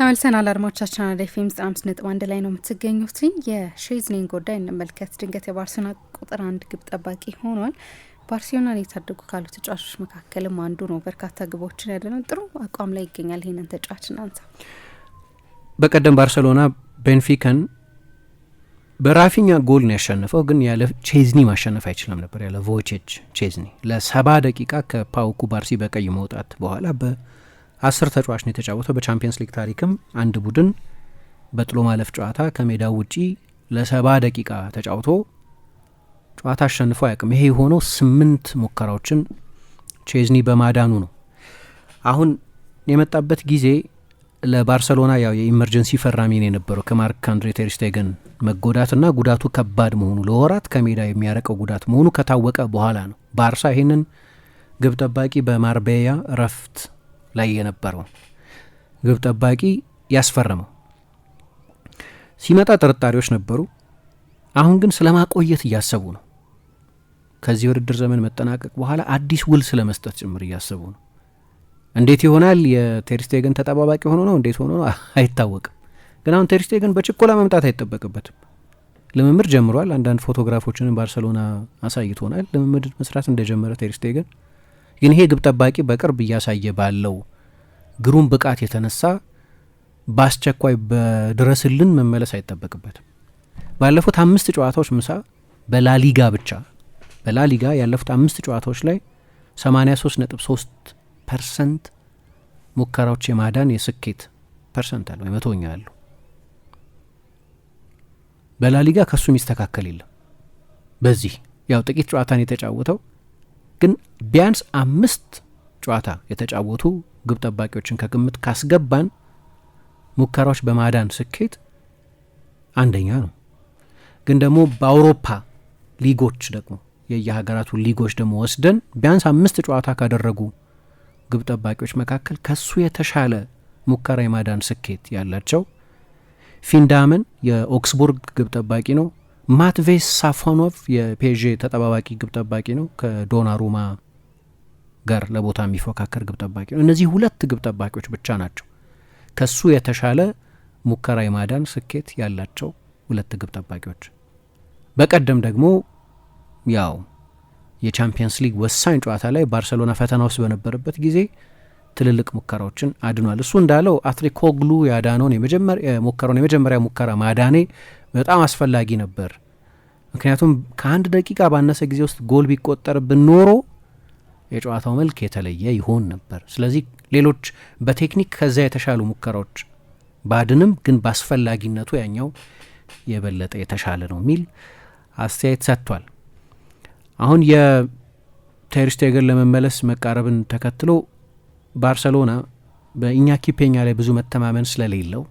ተመልሰናል አድማጮቻችን፣ አራዳ ኤፍ ኤም ዘጠና አምስት ነጥብ አንድ ላይ ነው የምትገኙት። የሼዝኒን ጉዳይ እንመልከት። ድንገት የባርሴሎና ቁጥር አንድ ግብ ጠባቂ ሆኗል። ባርሴሎናን የታደጉ ካሉ ተጫዋቾች መካከልም አንዱ ነው። በርካታ ግቦችን ያደነው ጥሩ አቋም ላይ ይገኛል። ይህንን ተጫዋች እናንሳ። በቀደም ባርሴሎና ቤንፊካን በራፊኛ ጎል ነው ያሸነፈው፣ ግን ያለ ቼዝኒ ማሸነፍ አይችልም ነበር። ያለ ቮቼች ቼዝኒ ለሰባ ደቂቃ ከፓውኩ ባርሲ በቀይ መውጣት በኋላ አስር ተጫዋች ነው የተጫወተው። በቻምፒየንስ ሊግ ታሪክም አንድ ቡድን በጥሎ ማለፍ ጨዋታ ከሜዳው ውጪ ለሰባ ደቂቃ ተጫውቶ ጨዋታ አሸንፎ አያውቅም። ይሄ የሆነው ስምንት ሙከራዎችን ቼዝኒ በማዳኑ ነው። አሁን የመጣበት ጊዜ ለባርሰሎና ያው የኢመርጀንሲ ፈራሚ ነው የነበረው ከማርክ አንድሬ ቴርስቴገን መጎዳትና ጉዳቱ ከባድ መሆኑ ለወራት ከሜዳ የሚያረቀው ጉዳት መሆኑ ከታወቀ በኋላ ነው ባርሳ ይህንን ግብ ጠባቂ በማርቤያ እረፍት ላይ የነበረው ግብ ጠባቂ ያስፈረመው። ሲመጣ ጥርጣሬዎች ነበሩ። አሁን ግን ስለ ማቆየት እያሰቡ ነው። ከዚህ ውድድር ዘመን መጠናቀቅ በኋላ አዲስ ውል ስለ መስጠት ጭምር እያሰቡ ነው። እንዴት ይሆናል? የቴርስቴገን ተጠባባቂ ሆኖ ነው እንዴት ሆኖ ነው አይታወቅም። ግን አሁን ቴርስቴገን በችኮላ መምጣት አይጠበቅበትም። ልምምድ ጀምሯል። አንዳንድ ፎቶግራፎችንም ባርሰሎና አሳይቶናል። ልምምድ መስራት እንደጀመረ ቴርስቴገን ግን ይሄ ግብ ጠባቂ በቅርብ እያሳየ ባለው ግሩም ብቃት የተነሳ በአስቸኳይ በድረስልን መመለስ አይጠበቅበትም። ባለፉት አምስት ጨዋታዎች ምሳ በላሊጋ ብቻ በላሊጋ ያለፉት አምስት ጨዋታዎች ላይ 3 ፐርሰንት ሙከራዎች የማዳን የስኬት ፐርሰንት ወይ መቶኛ አለው። በላሊጋ ከሱ የሚስተካከል የለም። በዚህ ያው ጥቂት ጨዋታን የተጫወተው ግን ቢያንስ አምስት ጨዋታ የተጫወቱ ግብ ጠባቂዎችን ከግምት ካስገባን ሙከራዎች በማዳን ስኬት አንደኛ ነው። ግን ደግሞ በአውሮፓ ሊጎች ደግሞ የየሀገራቱ ሊጎች ደግሞ ወስደን ቢያንስ አምስት ጨዋታ ካደረጉ ግብ ጠባቂዎች መካከል ከሱ የተሻለ ሙከራ የማዳን ስኬት ያላቸው ፊንዳመን የኦክስቡርግ ግብ ጠባቂ ነው። ማትቬስ ሳፎኖቭ የፔዤ ተጠባባቂ ግብ ጠባቂ ነው። ከዶናሩማ ጋር ለቦታ የሚፎካከር ግብ ጠባቂ ነው። እነዚህ ሁለት ግብ ጠባቂዎች ብቻ ናቸው ከሱ የተሻለ ሙከራ የማዳን ስኬት ያላቸው ሁለት ግብ ጠባቂዎች። በቀደም ደግሞ ያው የቻምፒየንስ ሊግ ወሳኝ ጨዋታ ላይ ባርሰሎና ፈተና ውስጥ በነበረበት ጊዜ ትልልቅ ሙከራዎችን አድኗል። እሱ እንዳለው አትሪኮግሉ ያዳነውን ሙከራውን የመጀመሪያ ሙከራ ማዳኔ በጣም አስፈላጊ ነበር። ምክንያቱም ከአንድ ደቂቃ ባነሰ ጊዜ ውስጥ ጎል ቢቆጠርብን ኖሮ የጨዋታው መልክ የተለየ ይሆን ነበር። ስለዚህ ሌሎች በቴክኒክ ከዚያ የተሻሉ ሙከራዎች ባድንም፣ ግን በአስፈላጊነቱ ያኛው የበለጠ የተሻለ ነው የሚል አስተያየት ሰጥቷል። አሁን የቴርስቴገን ለመመለስ መቃረብን ተከትሎ ባርሰሎና በኢኛኪ ፔኛ ላይ ብዙ መተማመን ስለሌለው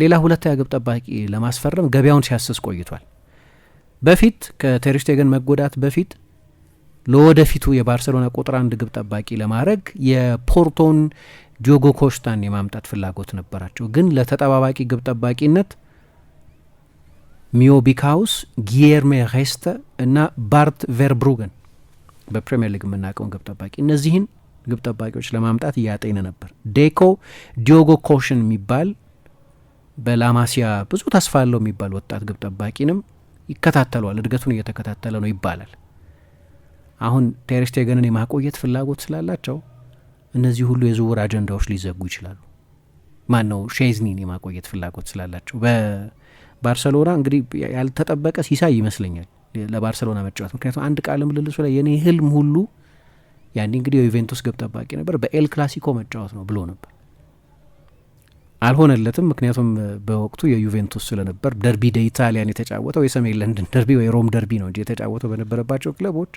ሌላ ሁለተኛ ግብ ጠባቂ ለማስፈረም ገበያውን ሲያስስ ቆይቷል። በፊት ከቴርሽቴገን መጎዳት በፊት ለወደፊቱ የባርሴሎና ቁጥር አንድ ግብ ጠባቂ ለማድረግ የፖርቶን ዲዮጎ ኮሽታን የማምጣት ፍላጎት ነበራቸው። ግን ለተጠባባቂ ግብ ጠባቂነት ሚዮቢካውስ፣ ጊየርሜ ሬስተ እና ባርት ቬርብሩገን በፕሪምየር ሊግ የምናውቀውን ግብ ጠባቂ እነዚህን ግብ ጠባቂዎች ለማምጣት እያጤነ ነበር። ዴኮ ዲዮጎ ኮሽን የሚባል በላማሲያ ብዙ ተስፋ አለው የሚባል ወጣት ግብ ጠባቂንም ይከታተሏል፣ እድገቱን እየተከታተለ ነው ይባላል። አሁን ቴርስቴገንን የማቆየት ፍላጎት ስላላቸው እነዚህ ሁሉ የዝውውር አጀንዳዎች ሊዘጉ ይችላሉ። ማን ነው ሼዝኒን የማቆየት ፍላጎት ስላላቸው በባርሰሎና እንግዲህ ያልተጠበቀ ሲሳይ ይመስለኛል ለባርሰሎና መጫወት። ምክንያቱም አንድ ቃለ ምልልሱ ላይ የኔ ህልም ሁሉ ያኔ እንግዲህ የዩቬንቱስ ግብ ጠባቂ ነበር፣ በኤል ክላሲኮ መጫወት ነው ብሎ ነበር አልሆነለትም። ምክንያቱም በወቅቱ የዩቬንቱስ ስለነበር ደርቢ ደ ኢታሊያን የተጫወተው የሰሜን ለንደን ደርቢ ወይ ሮም ደርቢ ነው እንጂ የተጫወተው በነበረባቸው ክለቦች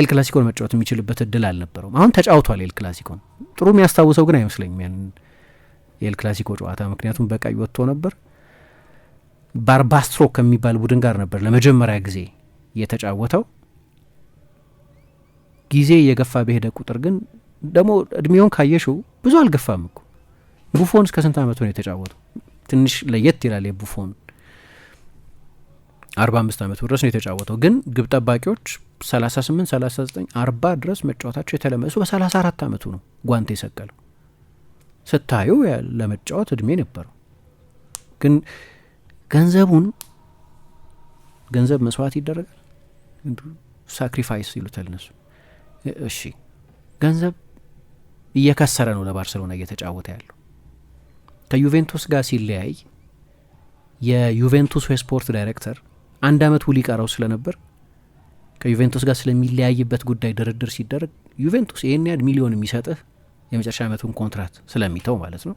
ኤል ክላሲኮን መጫወት የሚችልበት እድል አልነበረውም። አሁን ተጫውቷል ኤል ክላሲኮን። ጥሩ የሚያስታውሰው ግን አይመስለኝም ያን የኤል ክላሲኮ ጨዋታ፣ ምክንያቱም በቀይ ወጥቶ ነበር። ባርባስትሮ ከሚባል ቡድን ጋር ነበር ለመጀመሪያ ጊዜ የተጫወተው። ጊዜ እየገፋ በሄደ ቁጥር ግን ደግሞ እድሜውን ካየሽው ብዙ አልገፋም እኮ ቡፎን እስከ ስንት አመቱ ነው የተጫወተው? ትንሽ ለየት ይላል የቡፎን አርባ አምስት አመቱ ድረስ ነው የተጫወተው። ግን ግብ ጠባቂዎች ሰላሳ ስምንት ሰላሳ ዘጠኝ አርባ ድረስ መጫወታቸው የተለመደ እሱ በሰላሳ አራት አመቱ ነው ጓንት የሰቀለው። ስታዩ ለመጫወት እድሜ ነበረው። ግን ገንዘቡን ገንዘብ መስዋዕት ይደረጋል። ሳክሪፋይስ ይሉታል እነሱ። እሺ ገንዘብ እየከሰረ ነው ለባርሰሎና እየተጫወተ ያለው ከዩቬንቱስ ጋር ሲለያይ የዩቬንቱስ የስፖርት ዳይሬክተር አንድ አመት ውል ይቀረው ስለነበር ከዩቬንቱስ ጋር ስለሚለያይበት ጉዳይ ድርድር ሲደረግ ዩቬንቱስ ይህን ያህል ሚሊዮን የሚሰጥህ የመጨረሻ ዓመቱን ኮንትራት ስለሚተው ማለት ነው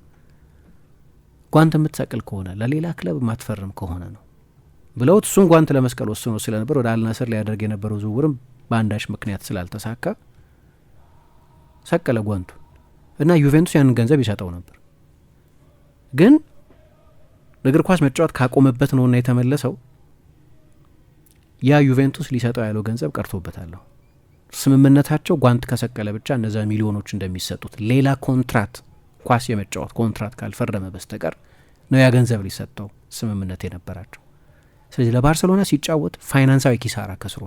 ጓንት የምትሰቅል ከሆነ ለሌላ ክለብ ማትፈርም ከሆነ ነው ብለውት እሱም ጓንት ለመስቀል ወስኖ ስለነበር ወደ አልናስር ሊያደርግ የነበረው ዝውውርም በአንዳች ምክንያት ስላልተሳካ ሰቀለ ጓንቱ እና ዩቬንቱስ ያንን ገንዘብ ይሰጠው ነበር። ግን እግር ኳስ መጫወት ካቆመበት ነውና የተመለሰው ያ ዩቬንቱስ ሊሰጠው ያለው ገንዘብ ቀርቶበታለሁ። ስምምነታቸው ጓንት ከሰቀለ ብቻ እነዛ ሚሊዮኖች እንደሚሰጡት ሌላ ኮንትራት ኳስ የመጫወት ኮንትራት ካልፈረመ በስተቀር ነው ያ ገንዘብ ሊሰጠው ስምምነት የነበራቸው። ስለዚህ ለባርሰሎና ሲጫወት ፋይናንሳዊ ኪሳራ ከስሮ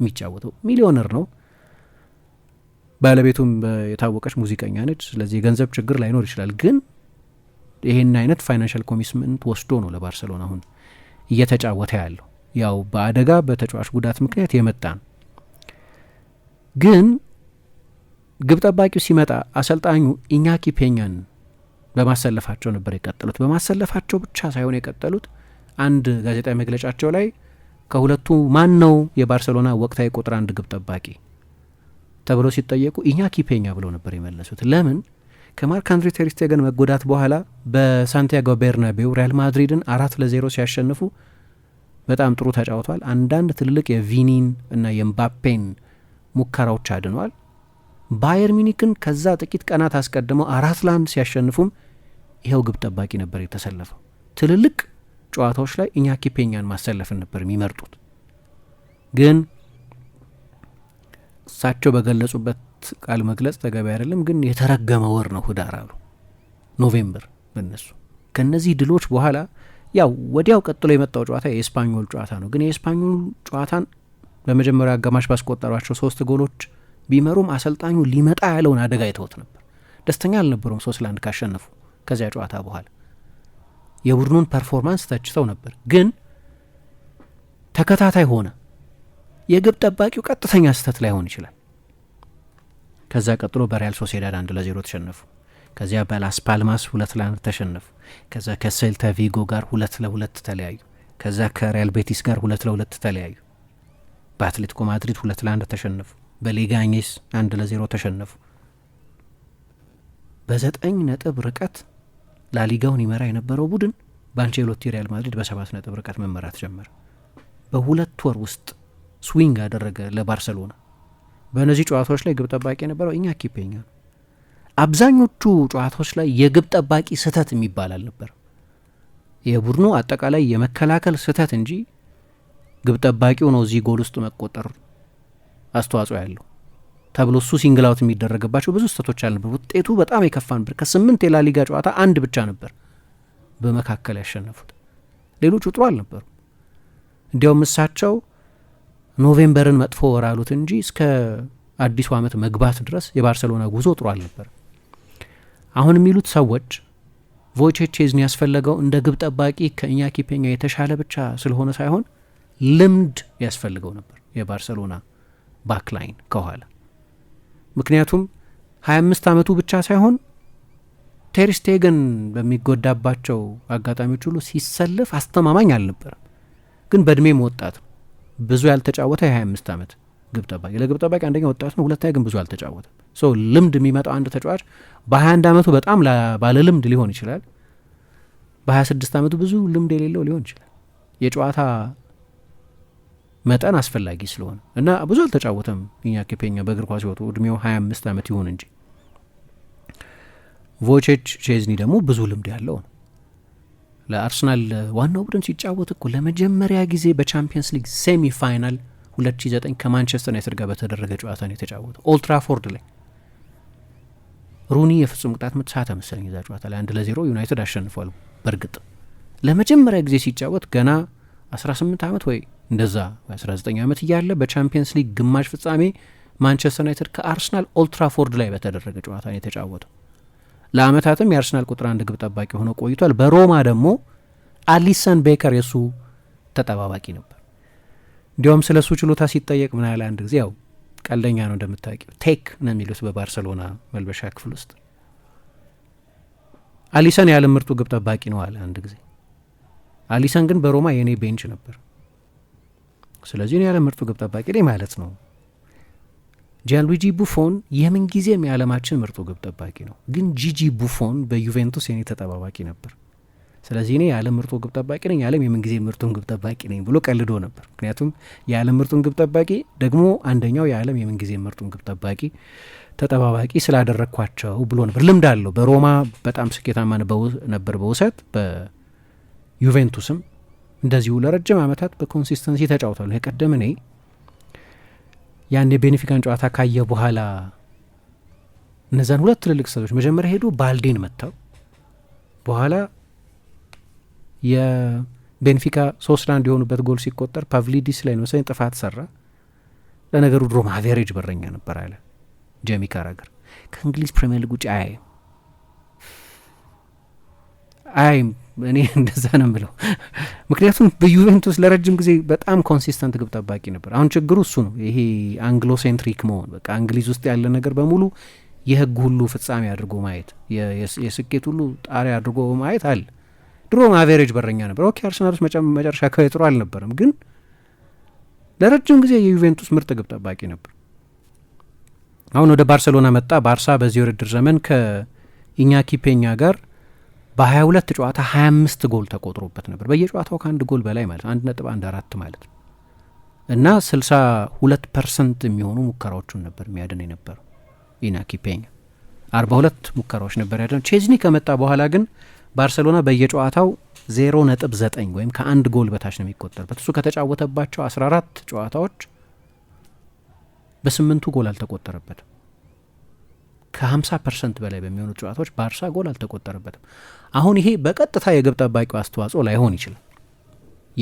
የሚጫወተው ሚሊዮነር ነው። ባለቤቱም የታወቀች ሙዚቀኛ ነች። ስለዚህ የገንዘብ ችግር ላይኖር ይችላል ግን ይሄን አይነት ፋይናንሻል ኮሚትመንት ወስዶ ነው ለባርሰሎና አሁን እየተጫወተ ያለው። ያው በአደጋ በተጫዋች ጉዳት ምክንያት የመጣ ነው። ግን ግብ ጠባቂው ሲመጣ አሰልጣኙ ኢኛኪ ፔኛን በማሰለፋቸው ነበር የቀጠሉት። በማሰለፋቸው ብቻ ሳይሆን የቀጠሉት አንድ ጋዜጣዊ መግለጫቸው ላይ ከሁለቱ ማን ነው የባርሰሎና ወቅታዊ ቁጥር አንድ ግብ ጠባቂ ተብሎ ሲጠየቁ ኢኛኪ ፔኛ ብለው ነበር የመለሱት። ለምን ከማርክ አንድሬ ቴሪስቴገን መጎዳት በኋላ በሳንቲያጎ ቤርናቤው ሪያል ማድሪድን አራት ለዜሮ ሲያሸንፉ በጣም ጥሩ ተጫውቷል። አንዳንድ ትልልቅ የቪኒን እና የምባፔን ሙከራዎች አድነዋል። ባየር ሚኒክን ከዛ ጥቂት ቀናት አስቀድመው አራት ለአንድ ሲያሸንፉም ይኸው ግብ ጠባቂ ነበር የተሰለፈው። ትልልቅ ጨዋታዎች ላይ እኛ ኪፔኛን ማሰለፍን ነበር የሚመርጡት ግን እሳቸው በገለጹበት ሁለት ቃል መግለጽ ተገቢ አይደለም፣ ግን የተረገመ ወር ነው ህዳር አሉ። ኖቬምበር በነሱ ከእነዚህ ድሎች በኋላ ያው ወዲያው ቀጥሎ የመጣው ጨዋታ የስፓኞል ጨዋታ ነው። ግን የስፓኞል ጨዋታን በመጀመሪያው አጋማሽ ባስቆጠሯቸው ሶስት ጎሎች ቢመሩም አሰልጣኙ ሊመጣ ያለውን አደጋ የተወት ነበር። ደስተኛ አልነበሩም ሶስት ለአንድ ካሸነፉ ከዚያ ጨዋታ በኋላ የቡድኑን ፐርፎርማንስ ተችተው ነበር። ግን ተከታታይ ሆነ። የግብ ጠባቂው ቀጥተኛ ስህተት ላይሆን ይችላል ከዛ ቀጥሎ በሪያል ሶሴዳድ አንድ ለዜሮ ተሸነፉ። ከዚያ በላስ ፓልማስ ሁለት ለአንድ ተሸነፉ። ከዛ ከሴልታ ቪጎ ጋር ሁለት ለሁለት ተለያዩ። ከዛ ከሪያል ቤቲስ ጋር ሁለት ለሁለት ተለያዩ። በአትሌቲኮ ማድሪድ ሁለት ለአንድ ተሸነፉ። በሌጋኔስ አንድ ለዜሮ ተሸነፉ። በዘጠኝ ነጥብ ርቀት ላሊጋውን ይመራ የነበረው ቡድን በአንቼሎቲ ሪያል ማድሪድ በሰባት ነጥብ ርቀት መመራት ጀመረ። በሁለት ወር ውስጥ ስዊንግ አደረገ ለባርሰሎና። በእነዚህ ጨዋታዎች ላይ ግብ ጠባቂ የነበረው እኛ ኪፔኛ ነው። አብዛኞቹ ጨዋታዎች ላይ የግብ ጠባቂ ስህተት የሚባል አልነበር። የቡድኑ አጠቃላይ የመከላከል ስህተት እንጂ ግብ ጠባቂው ነው እዚህ ጎል ውስጥ መቆጠር አስተዋጽኦ ያለው ተብሎ እሱ ሲንግላውት የሚደረግባቸው ብዙ ስህተቶች አልነበር። ውጤቱ በጣም የከፋ ነበር። ከስምንት የላሊጋ ጨዋታ አንድ ብቻ ነበር በመካከል ያሸነፉት፣ ሌሎቹ ጥሩ አልነበሩ። እንዲያውም እሳቸው ኖቬምበርን መጥፎ ወር አሉት እንጂ እስከ አዲሱ ዓመት መግባት ድረስ የባርሰሎና ጉዞ ጥሩ አልነበር። አሁን የሚሉት ሰዎች ቮይቼክ ቼዝኒ ያስፈለገው እንደ ግብ ጠባቂ ከእኛ ኪፔኛ የተሻለ ብቻ ስለሆነ ሳይሆን ልምድ ያስፈልገው ነበር የባርሰሎና ባክላይን ከኋላ ምክንያቱም አምስት ዓመቱ ብቻ ሳይሆን ቴርስቴገን በሚጎዳባቸው አጋጣሚዎች ሁሉ ሲሰልፍ አስተማማኝ አልነበረም። ግን በእድሜም ወጣት ነው። ብዙ ያልተጫወተ የ25 ዓመት ግብ ጠባቂ ለግብ ጠባቂ አንደኛ ወጣት ነው፣ ሁለተኛ ግን ብዙ አልተጫወተም። ሶ ልምድ የሚመጣው አንድ ተጫዋች በ21 ዓመቱ በጣም ባለ ልምድ ሊሆን ይችላል። በ26 ዓመቱ ብዙ ልምድ የሌለው ሊሆን ይችላል። የጨዋታ መጠን አስፈላጊ ስለሆነ እና ብዙ አልተጫወተም። እኛ ኬፔኛ በእግር ኳስ ህይወቱ እድሜው 25 ዓመት ይሁን እንጂ ቮቼች ቼዝኒ ደግሞ ብዙ ልምድ ያለው ነው። ለአርሰናል ዋናው ቡድን ሲጫወት እኮ ለመጀመሪያ ጊዜ በቻምፒየንስ ሊግ ሴሚ ፋይናል 2009 ከማንቸስተር ዩናይትድ ጋር በተደረገ ጨዋታ ነው የተጫወተ ኦልትራፎርድ ላይ ሩኒ የፍጹም ቅጣት ምት ሳተ መሰለኝ እዛ ጨዋታ ላይ አንድ ለዜሮ ዩናይትድ አሸንፏል። በእርግጥ ለመጀመሪያ ጊዜ ሲጫወት ገና 18 ዓመት ወይ እንደዛ 19 ዓመት እያለ በቻምፒየንስ ሊግ ግማሽ ፍጻሜ ማንቸስተር ዩናይትድ ከአርሰናል ኦልትራፎርድ ላይ በተደረገ ጨዋታ ነው የተጫወተው። ለአመታትም የአርሰናል ቁጥር አንድ ግብ ጠባቂ ሆኖ ቆይቷል። በሮማ ደግሞ አሊሰን ቤከር የሱ ተጠባባቂ ነበር። እንዲያውም ስለ እሱ ችሎታ ሲጠየቅ ምን ያህል አንድ ጊዜ ያው ቀልደኛ ነው እንደምታውቂው፣ ቴክ ነው የሚሉት በባርሰሎና መልበሻ ክፍል ውስጥ አሊሰን የዓለም ምርጡ ግብ ጠባቂ ነው አለ አንድ ጊዜ። አሊሰን ግን በሮማ የእኔ ቤንች ነበር፣ ስለዚህ የዓለም ምርጡ ግብ ጠባቂ ላይ ማለት ነው ጃንሉጂ ቡፎን ጊዜም የዓለማችን ምርጡ ግብ ጠባቂ ነው፣ ግን ጂጂ ቡፎን በዩቬንቱስ የኔ ተጠባባቂ ነበር። ስለዚህ እኔ የዓለም ምርጡ ግብ ጠባቂ ነኝ፣ የዓለም ጊዜ ምርጡን ግብ ጠባቂ ነኝ ብሎ ቀልዶ ነበር። ምክንያቱም የዓለም ምርጡን ግብ ጠባቂ ደግሞ አንደኛው የዓለም ጊዜ ምርጡን ግብ ጠባቂ ተጠባባቂ ስላደረግኳቸው ብሎ ነበር። ልምድ አለው። በሮማ በጣም ስኬታማ ነበር በውሰት በዩቬንቱስም እንደዚሁ ለረጅም ዓመታት በኮንሲስተንሲ ተጫውቷል። ቀደም እኔ ያን የቤኔፊካን ጨዋታ ካየ በኋላ እነዛን ሁለት ትልልቅ ሰቶች መጀመሪያ ሄዶ ባልዴን መታው። በኋላ የቤንፊካ ሶስት ለአንድ የሆኑበት ጎል ሲቆጠር ፓቭሊዲስ ላይ ነው መሰለኝ ጥፋት ሰራ። ለነገሩ ድሮም አቬሬጅ በረኛ ነበር አለ ጄሚ ካራገር። ከእንግሊዝ ፕሪሚየር ሊግ ውጭ አያይም አይ እኔ እንደዛ ነው የምለው። ምክንያቱም በዩቬንቱስ ለረጅም ጊዜ በጣም ኮንሲስተንት ግብ ጠባቂ ነበር። አሁን ችግሩ እሱ ነው፣ ይሄ አንግሎሴንትሪክ መሆን። በቃ እንግሊዝ ውስጥ ያለ ነገር በሙሉ የህግ ሁሉ ፍጻሜ አድርጎ ማየት፣ የስኬት ሁሉ ጣሪያ አድርጎ ማየት አለ። ድሮም አቬሬጅ በረኛ ነበር። ኦኬ አርሰናሎች መጨረሻ ከ ጥሩ አልነበረም፣ ግን ለረጅም ጊዜ የዩቬንቱስ ምርጥ ግብ ጠባቂ ነበር። አሁን ወደ ባርሴሎና መጣ። ባርሳ በዚህ ውድድር ዘመን ከኢኛኪ ፔኛ ጋር በ22 ጨዋታ 25 ጎል ተቆጥሮበት ነበር። በየጨዋታው ከአንድ ጎል በላይ ማለት ነው አራት ማለት ነው እና 62 ፐርሰንት የሚሆኑ ሙከራዎቹን ነበር የሚያድን የነበረው ኢናኪ ፔኛ 42 ሙከራዎች ነበር ያድነው። ቼዝኒ ከመጣ በኋላ ግን ባርሰሎና በየጨዋታው 0.9 ወይም ከአንድ ጎል በታች ነው የሚቆጠርበት። እሱ ከተጫወተባቸው 14 ጨዋታዎች በስምንቱ ጎል አልተቆጠረበትም። ከ50 ፐርሰንት በላይ በሚሆኑ ጨዋታዎች ባርሳ ጎል አልተቆጠረበትም። አሁን ይሄ በቀጥታ የግብ ጠባቂው አስተዋጽኦ ላይሆን ይችላል።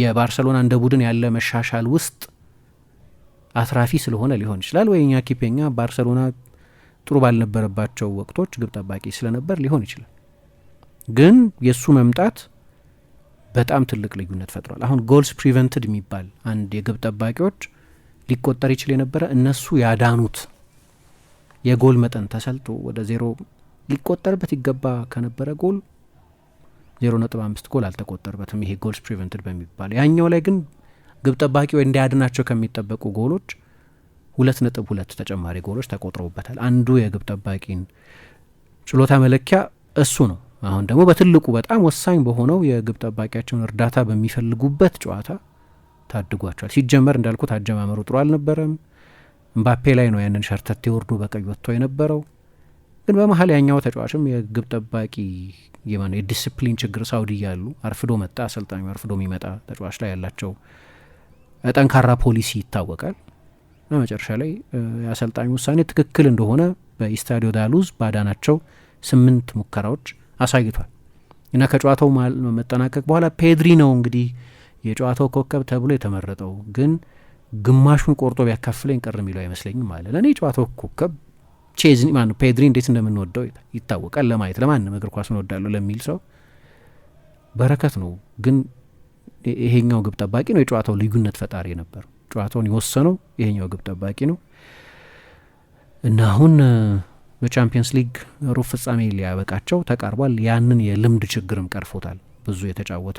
የባርሰሎና እንደ ቡድን ያለ መሻሻል ውስጥ አትራፊ ስለሆነ ሊሆን ይችላል። ወይ እኛ ኪፔኛ ባርሰሎና ጥሩ ባልነበረባቸው ወቅቶች ግብ ጠባቂ ስለነበር ሊሆን ይችላል። ግን የእሱ መምጣት በጣም ትልቅ ልዩነት ፈጥሯል። አሁን ጎልስ ፕሪቨንትድ የሚባል አንድ የግብ ጠባቂዎች ሊቆጠር ይችል የነበረ እነሱ ያዳኑት የጎል መጠን ተሰልቶ ወደ ዜሮ ሊቆጠርበት ይገባ ከነበረ ጎል ዜሮ ነጥብ አምስት ጎል አልተቆጠርበትም። ይሄ ጎልስ ፕሪቨንትድ በሚባል ያኛው ላይ ግን ግብ ጠባቂ ወይ እንዲያድናቸው ከሚጠበቁ ጎሎች ሁለት ነጥብ ሁለት ተጨማሪ ጎሎች ተቆጥረውበታል። አንዱ የግብ ጠባቂን ችሎታ መለኪያ እሱ ነው። አሁን ደግሞ በትልቁ በጣም ወሳኝ በሆነው የግብ ጠባቂያቸውን እርዳታ በሚፈልጉበት ጨዋታ ታድጓቸዋል። ሲጀመር እንዳልኩት አጀማመሩ ጥሩ አልነበረም። እምባፔ ላይ ነው ያንን ሸርተቴ ወርዶ በቀይ ወጥቶ የነበረው። ግን በመሀል ያኛው ተጫዋችም የግብ ጠባቂ የዲስፕሊን ችግር ሳውዲ ያሉ አርፍዶ መጣ አሰልጣኙ አርፍዶ የሚመጣ ተጫዋች ላይ ያላቸው ጠንካራ ፖሊሲ ይታወቃል። በመጨረሻ ላይ የአሰልጣኙ ውሳኔ ትክክል እንደሆነ በኢስታዲዮ ዳሉዝ ባዳናቸው ስምንት ሙከራዎች አሳይቷል እና ከጨዋታው መጠናቀቅ በኋላ ፔድሪ ነው እንግዲህ የጨዋታው ኮከብ ተብሎ የተመረጠው ግን ግማሹን ቆርጦ ቢያካፍለኝ ቅር የሚለው አይመስለኝም አለ። ለእኔ ጨዋታው ኮከብ ቼዝኒ ማ ፔድሪ እንዴት እንደምንወደው ይታወቃል። ለማየት ለማንም እግር ኳስ እንወዳለሁ ለሚል ሰው በረከት ነው። ግን ይሄኛው ግብ ጠባቂ ነው የጨዋታው ልዩነት ፈጣሪ ነበር። ጨዋታውን የወሰነው ይሄኛው ግብ ጠባቂ ነው እና አሁን በቻምፒየንስ ሊግ ሩብ ፍጻሜ ሊያበቃቸው ተቃርቧል። ያንን የልምድ ችግርም ቀርፎታል ብዙ የተጫወተ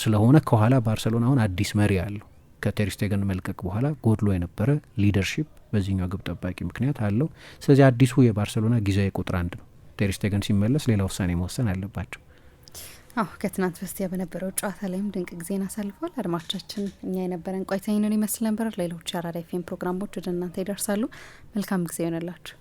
ስለሆነ ከኋላ ባርሰሎና አሁን አዲስ መሪ አለው። ከቴርስቴገን መልቀቅ በኋላ ጎድሎ የነበረ ሊደርሺፕ በዚህኛው ግብ ጠባቂ ምክንያት አለው። ስለዚህ አዲሱ የባርሰሎና ጊዜያዊ ቁጥር አንድ ነው። ቴርስቴገን ሲመለስ ሌላ ውሳኔ መወሰን አለባቸው። አዎ ከትናንት በስቲያ በነበረው ጨዋታ ላይም ድንቅ ጊዜን አሳልፏል። አድማጮቻችን፣ እኛ የነበረን ቆይታ ይህንን ይመስል ነበር። ሌሎች የአራዳ ኤፍ ኤም ፕሮግራሞች ወደ እናንተ ይደርሳሉ። መልካም ጊዜ ይሆንላችሁ።